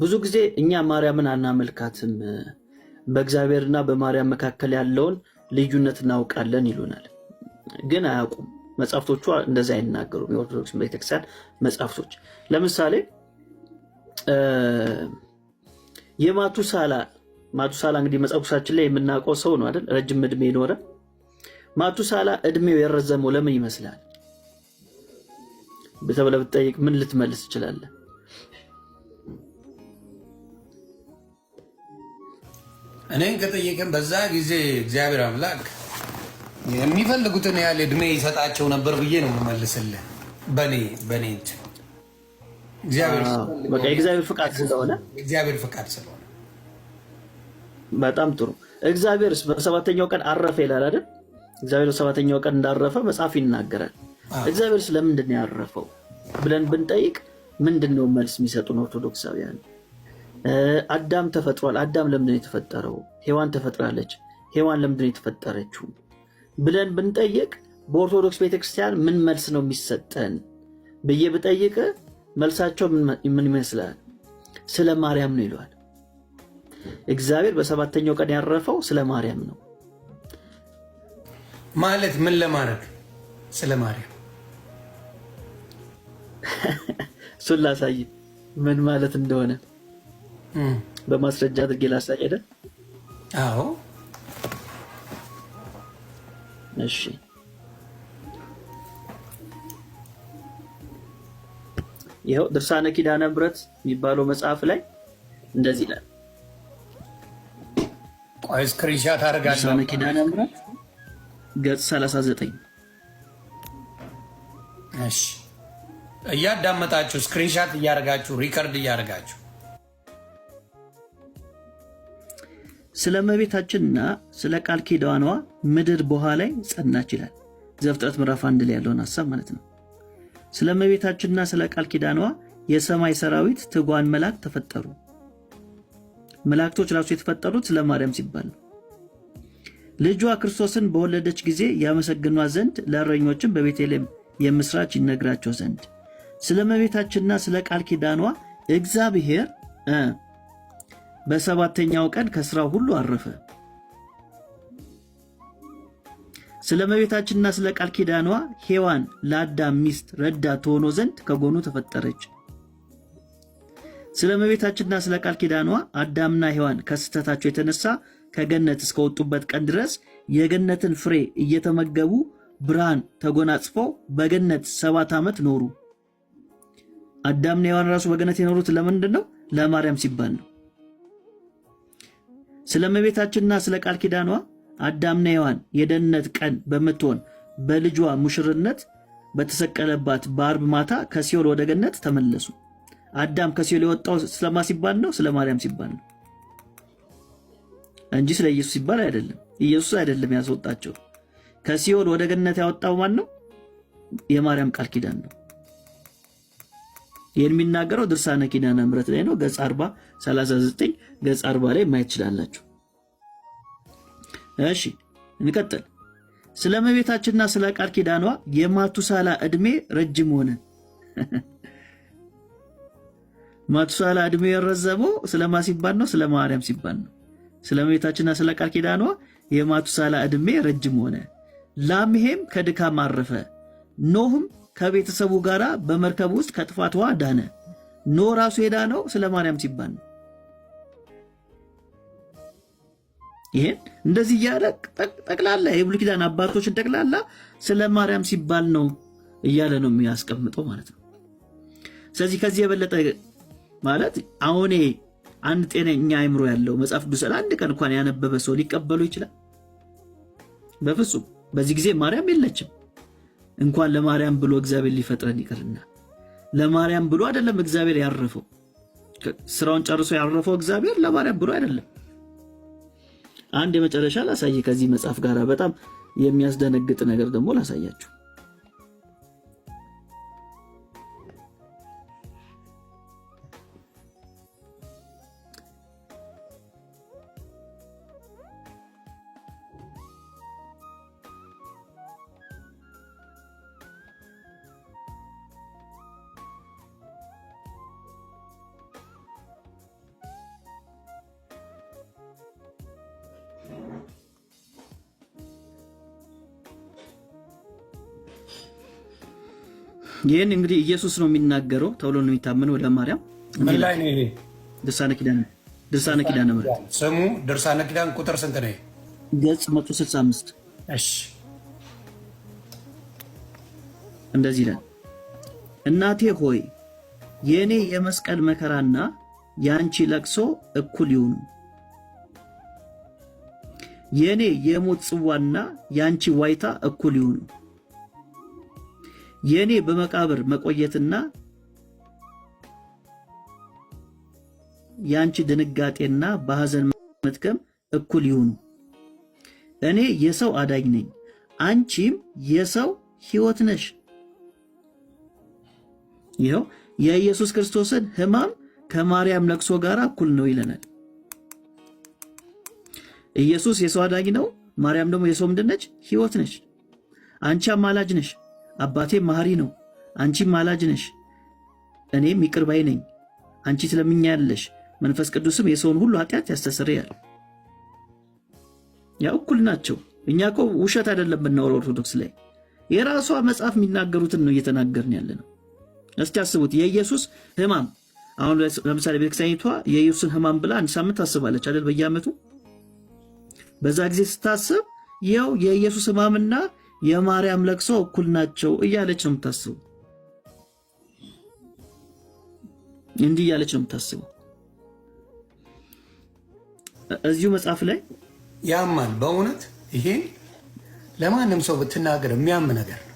ብዙ ጊዜ እኛ ማርያምን አናመልካትም፣ በእግዚአብሔርና በማርያም መካከል ያለውን ልዩነት እናውቃለን ይሉናል። ግን አያውቁም። መጽሐፍቶቿ እንደዚ አይናገሩም። የኦርቶዶክስ ቤተክርስቲያን መጽሐፍቶች ለምሳሌ የማቱሳላ ማቱሳላ እንግዲህ መጽሐፍ ቅዱሳችን ላይ የምናውቀው ሰው ነው አይደል? ረጅም እድሜ የኖረ ማቱሳላ እድሜው የረዘመው ለምን ይመስላል ተብለህ ብትጠይቅ ምን ልትመልስ ትችላለህ? እኔን ከጠየቀን በዛ ጊዜ እግዚአብሔር አምላክ የሚፈልጉትን ያህል እድሜ ይሰጣቸው ነበር ብዬ ነው የምመልስልህ። በኔ በኔ እግዚአብሔር ፍቃድ ስለሆነ እግዚአብሔር ፍቃድ ስለሆነ በጣም ጥሩ። እግዚአብሔር በሰባተኛው ቀን አረፈ ይላል አይደል? እግዚአብሔር በሰባተኛው ቀን እንዳረፈ መጽሐፍ ይናገራል። እግዚአብሔር ስለምንድን ነው ያረፈው ብለን ብንጠይቅ ምንድን ነው መልስ የሚሰጡን ኦርቶዶክሳውያን? አዳም ተፈጥሯል። አዳም ለምንድን ነው የተፈጠረው? ሔዋን ተፈጥራለች። ሔዋን ለምንድን ነው የተፈጠረችው? ብለን ብንጠይቅ በኦርቶዶክስ ቤተክርስቲያን ምን መልስ ነው የሚሰጠን ብዬ ብጠይቅ መልሳቸው ምን ይመስላል? ስለ ማርያም ነው ይለዋል። እግዚአብሔር በሰባተኛው ቀን ያረፈው ስለ ማርያም ነው ማለት ምን ለማድረግ ስለ ማርያም እሱን ላሳይ ምን ማለት እንደሆነ በማስረጃ አድርጌ ላሳይ አይደል? አዎ። እሺ ይኸው ድርሳነ ኪዳነ ምሕረት የሚባለው መጽሐፍ ላይ እንደዚህ ይላል። ቆይ ስክሪንሻት አደርጋለሁ። ድርሳነ ኪዳነ ምሕረት ገጽ 39 እያዳመጣችሁ ስክሪንሻት እያደረጋችሁ ሪከርድ እያደረጋችሁ ስለ እመቤታችንና ስለ ቃል ኪዳኗ ምድር በውኃ ላይ ጸናች ይላል ዘፍጥረት ምዕራፍ አንድ ላይ ያለውን ሀሳብ ማለት ነው። ስለ እመቤታችንና ስለ ቃል ኪዳኗ የሰማይ ሰራዊት ትጓን መላክ ተፈጠሩ። መላእክቶች ራሱ የተፈጠሩት ስለ ማርያም ሲባል ነው። ልጇ ክርስቶስን በወለደች ጊዜ ያመሰግኗት ዘንድ ለእረኞችም በቤተልሔም የምስራች ይነግራቸው ዘንድ ስለ እመቤታችንና ስለ ቃል ኪዳኗ እግዚአብሔር በሰባተኛው ቀን ከስራው ሁሉ አረፈ። ስለ እመቤታችንና ስለ ቃል ኪዳኗ ሔዋን ለአዳም ሚስት ረዳት ትሆኖ ዘንድ ከጎኑ ተፈጠረች። ስለ እመቤታችንና ስለ ቃል ኪዳኗ አዳምና ሔዋን ከስህተታቸው የተነሳ ከገነት እስከወጡበት ቀን ድረስ የገነትን ፍሬ እየተመገቡ ብርሃን ተጎናጽፈው በገነት ሰባት ዓመት ኖሩ። አዳምና ሔዋን ራሱ በገነት የኖሩት ለምንድን ነው? ለማርያም ሲባል ነው። ስለ እመቤታችንና ስለ ቃል ኪዳኗ አዳምና ሔዋን የደህንነት ቀን በምትሆን በልጇ ሙሽርነት በተሰቀለባት በአርብ ማታ ከሲኦል ወደ ገነት ተመለሱ። አዳም ከሲኦል የወጣው ስለማ ሲባል ነው፣ ስለ ማርያም ሲባል ነው እንጂ ስለ ኢየሱስ ሲባል አይደለም። ኢየሱስ አይደለም ያስወጣቸው። ከሲኦል ወደ ገነት ያወጣው ማን ነው? የማርያም ቃል ኪዳን ነው። የሚናገረው ድርሳነ ኪዳነ ምሕረት ላይ ነው። ገጽ 40 39 ገጽ 40 ላይ ማየት ይችላላችሁ። እሺ እንቀጥል። ስለ እመቤታችንና ስለ ቃል ኪዳኗ የማቱሳላ ዕድሜ ረጅም ሆነ። ማቱሳላ ዕድሜ የረዘመው ስለማ ሲባል ነው፣ ስለ ማርያም ሲባል ነው። ስለ እመቤታችንና ስለ ቃል ኪዳኗ የማቱሳላ ዕድሜ ረጅም ሆነ። ላምሄም ከድካም አረፈ። ኖህም ከቤተሰቡ ጋር በመርከብ ውስጥ ከጥፋትዋ ዳነ። ኖ ራሱ ነው ስለ ማርያም ሲባል ነው። ይሄን እንደዚህ እያለ ጠቅላላ የብሉይ ኪዳን አባቶችን ጠቅላላ ስለ ማርያም ሲባል ነው እያለ ነው የሚያስቀምጠው ማለት ነው። ስለዚህ ከዚህ የበለጠ ማለት አሁኔ አንድ ጤነኛ አይምሮ ያለው መጽሐፍ ቅዱስን አንድ ቀን እንኳን ያነበበ ሰው ሊቀበሉ ይችላል? በፍጹም። በዚህ ጊዜ ማርያም የለችም። እንኳን ለማርያም ብሎ እግዚአብሔር ሊፈጥረን ይቅርና ለማርያም ብሎ አይደለም እግዚአብሔር ያረፈው። ስራውን ጨርሶ ያረፈው እግዚአብሔር ለማርያም ብሎ አይደለም። አንድ የመጨረሻ ላሳይ ከዚህ መጽሐፍ ጋር በጣም የሚያስደነግጥ ነገር ደግሞ ላሳያችሁ። ይህን እንግዲህ ኢየሱስ ነው የሚናገረው ተብሎ ነው የሚታመነው ለማርያም ምን ላይ ነው ይሄ ድርሳነ ኪዳን ድርሳነ ኪዳነ ምሕረት ስሙ ድርሳነ ኪዳን ቁጥር ስንት ነው? ገጽ 165 እሺ፣ እንደዚህ ይላል። እናቴ ሆይ የእኔ የመስቀል መከራና የአንቺ ለቅሶ እኩል ይሁኑ። የእኔ የሞት ጽዋና የአንቺ ዋይታ እኩል ይሁኑ። የእኔ በመቃብር መቆየትና የአንቺ ድንጋጤና በሐዘን መትከም እኩል ይሁኑ። እኔ የሰው አዳኝ ነኝ፣ አንቺም የሰው ሕይወት ነሽ። ይኸው የኢየሱስ ክርስቶስን ሕማም ከማርያም ለቅሶ ጋር እኩል ነው ይለናል። ኢየሱስ የሰው አዳኝ ነው፣ ማርያም ደግሞ የሰው ምንድን ነች? ሕይወት ነች። አንቺ አማላጅ ነሽ። አባቴ መሐሪ ነው፣ አንቺም ማላጅ ነሽ፣ እኔም ይቅር ባይ ነኝ። አንቺ ትለምኛለሽ፣ መንፈስ ቅዱስም የሰውን ሁሉ ኃጢአት ያስተሰርያል። ያ እኩል ናቸው። እኛ እኮ ውሸት አይደለም ብናወራ ኦርቶዶክስ ላይ የራሷ መጽሐፍ የሚናገሩትን ነው እየተናገርን ያለ ነው። እስቲ አስቡት የኢየሱስ ሕማም አሁን ለምሳሌ ቤተክርስቲያኒቷ የኢየሱስን ሕማም ብላ አንድ ሳምንት ታስባለች አይደል? በየዓመቱ በዛ ጊዜ ስታስብ ይኸው የኢየሱስ ሕማምና የማርያም ለቅሶ እኩል ናቸው እያለች ነው የምታስበው። እንዲህ እያለች ነው የምታስበው። እዚሁ መጽሐፍ ላይ ያማን በእውነት ይሄን ለማንም ሰው ብትናገር የሚያም ነገር ነው።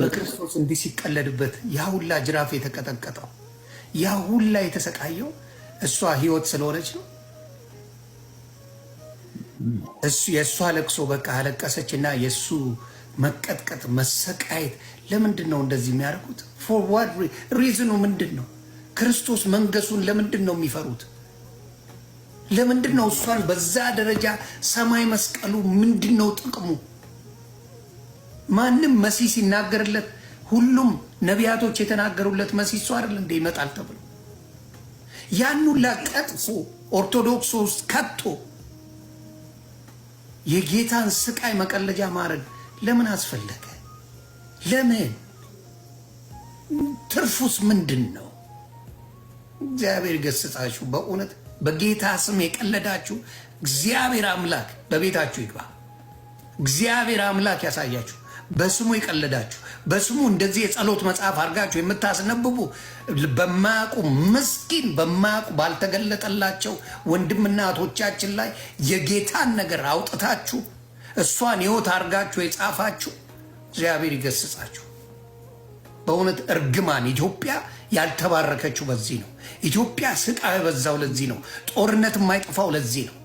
በክርስቶስ እንዲህ ሲቀለድበት ያ ሁላ ጅራፍ የተቀጠቀጠው ያ ሁላ የተሰቃየው እሷ ህይወት ስለሆነች ነው። የእሷ ለቅሶ በቃ አለቀሰች እና የእሱ መቀጥቀጥ መሰቃየት ለምንድን ነው እንደዚህ የሚያደርጉት? ፎርዋርድ ሪዝኑ ምንድን ነው? ክርስቶስ መንገሱን ለምንድን ነው የሚፈሩት? ለምንድን ነው እሷን በዛ ደረጃ ሰማይ መስቀሉ ምንድን ነው ጥቅሙ? ማንም መሲ ሲናገርለት ሁሉም ነቢያቶች የተናገሩለት መሲ እሱ አይደል እንደ ይመጣል ተብሎ ያን ሁላ ቀጥፎ ኦርቶዶክስ ውስጥ ከቶ የጌታን ስቃይ መቀለጃ ማድረግ ለምን አስፈለገ? ለምን? ትርፉስ ምንድን ነው? እግዚአብሔር ገስጻችሁ። በእውነት በጌታ ስም የቀለዳችሁ እግዚአብሔር አምላክ በቤታችሁ ይግባ። እግዚአብሔር አምላክ ያሳያችሁ። በስሙ የቀለዳችሁ በስሙ እንደዚህ የጸሎት መጽሐፍ አድርጋችሁ የምታስነብቡ በማያውቁ ምስኪን በማያውቁ ባልተገለጠላቸው ወንድምና እህቶቻችን ላይ የጌታን ነገር አውጥታችሁ እሷን ሕይወት አድርጋችሁ የጻፋችሁ እግዚአብሔር ይገስጻችሁ። በእውነት እርግማን ኢትዮጵያ ያልተባረከችው በዚህ ነው። ኢትዮጵያ ስቃ የበዛው ለዚህ ነው። ጦርነት የማይጠፋው ለዚህ ነው።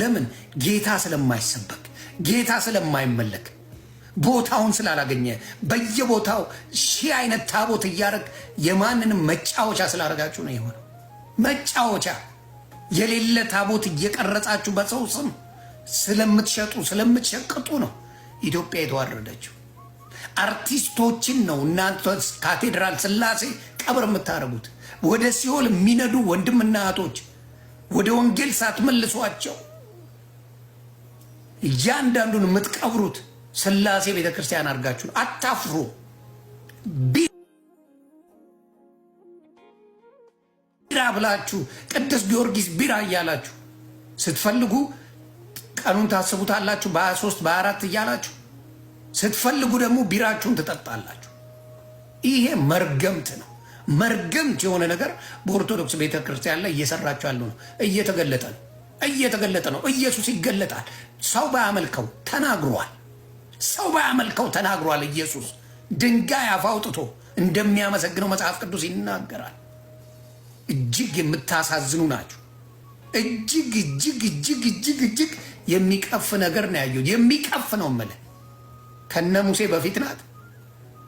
ለምን? ጌታ ስለማይሰበክ ጌታ ስለማይመለክ ቦታውን ስላላገኘ በየቦታው ሺህ አይነት ታቦት እያደረግ የማንንም መጫወቻ ስላደረጋችሁ ነው የሆነው። መጫወቻ የሌለ ታቦት እየቀረጻችሁ በሰው ስም ስለምትሸጡ ስለምትሸቅጡ ነው ኢትዮጵያ የተዋረደችው። አርቲስቶችን ነው እናንተ ካቴድራል ስላሴ ቀብር የምታደርጉት። ወደ ሲኦል የሚነዱ ወንድምና እህቶች ወደ ወንጌል ሳትመልሷቸው እያንዳንዱን የምትቀብሩት ስላሴ ቤተ ክርስቲያን አድርጋችሁ አታፍሩ። ቢራ ብላችሁ ቅዱስ ጊዮርጊስ ቢራ እያላችሁ ስትፈልጉ ቀኑን ታስቡታላችሁ። በ23 በ24 እያላችሁ ስትፈልጉ ደግሞ ቢራችሁን ትጠጣላችሁ። ይሄ መርገምት ነው። መርገምት የሆነ ነገር በኦርቶዶክስ ቤተ ክርስቲያን ላይ እየሰራችሁ ያለ ነው። እየተገለጠ ነው እየተገለጠ ነው። ኢየሱስ ይገለጣል። ሰው ባያመልከው ተናግሯል። ሰው ባያመልከው ተናግሯል። ኢየሱስ ድንጋይ አፍ አውጥቶ እንደሚያመሰግነው መጽሐፍ ቅዱስ ይናገራል። እጅግ የምታሳዝኑ ናቸው። እጅግ እጅግ እጅግ እጅግ እጅግ የሚቀፍ ነገር ነው ያየሁት። የሚቀፍ ነው የምልህ። ከነ ሙሴ በፊት ናት፣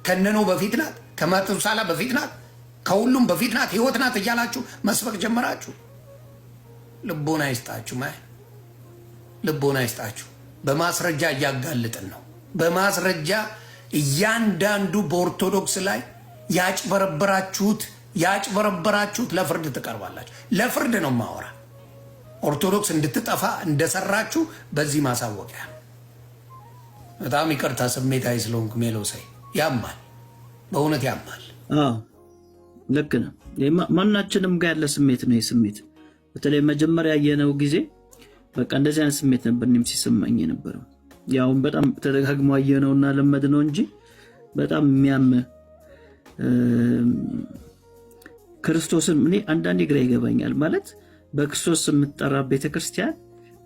ከነ ኖህ በፊት ናት፣ ከማቱሳላ በፊት ናት፣ ከሁሉም በፊት ናት፣ ህይወት ናት እያላችሁ መስበክ ጀመራችሁ። ልቦና ይስጣችሁ። ልቦና ይስጣችሁ። በማስረጃ እያጋልጥን ነው። በማስረጃ እያንዳንዱ በኦርቶዶክስ ላይ ያጭበረበራችሁት ያጭበረበራችሁት ለፍርድ ትቀርባላችሁ። ለፍርድ ነው ማወራ። ኦርቶዶክስ እንድትጠፋ እንደሰራችሁ በዚህ ማሳወቂያ። በጣም ይቅርታ ስሜታዊ ስለሆንኩ ሳይ ያማል፣ በእውነት ያማል። ልክ ነው። ማናችንም ጋር ያለ ስሜት ነው። ስሜት በተለይ መጀመሪያ ያየነው ጊዜ በቃ እንደዚህ አይነት ስሜት ነበር እኔም ሲሰማኝ የነበረው ያው በጣም ተደጋግሞ እና ለመድ ነው እንጂ በጣም የሚያም ክርስቶስን እኔ አንዳንዴ ግራ ይገባኛል። ማለት በክርስቶስ የምትጠራ ቤተክርስቲያን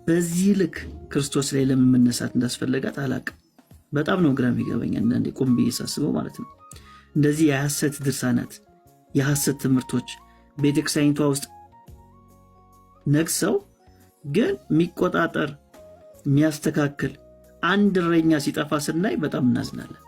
በዚህ ልክ ክርስቶስ ላይ ለምን መነሳት እንዳስፈለጋት አላቅም። በጣም ነው ግራ የሚገባኝ አንዳንዴ ቁም ብዬ ሳስበው ማለት ነው። እንደዚህ የሐሰት ድርሳናት፣ የሐሰት ትምህርቶች ቤተክርስቲያኒቷ ውስጥ ነግሰው ግን የሚቆጣጠር የሚያስተካክል አንድ እረኛ ሲጠፋ ስናይ በጣም እናዝናለን።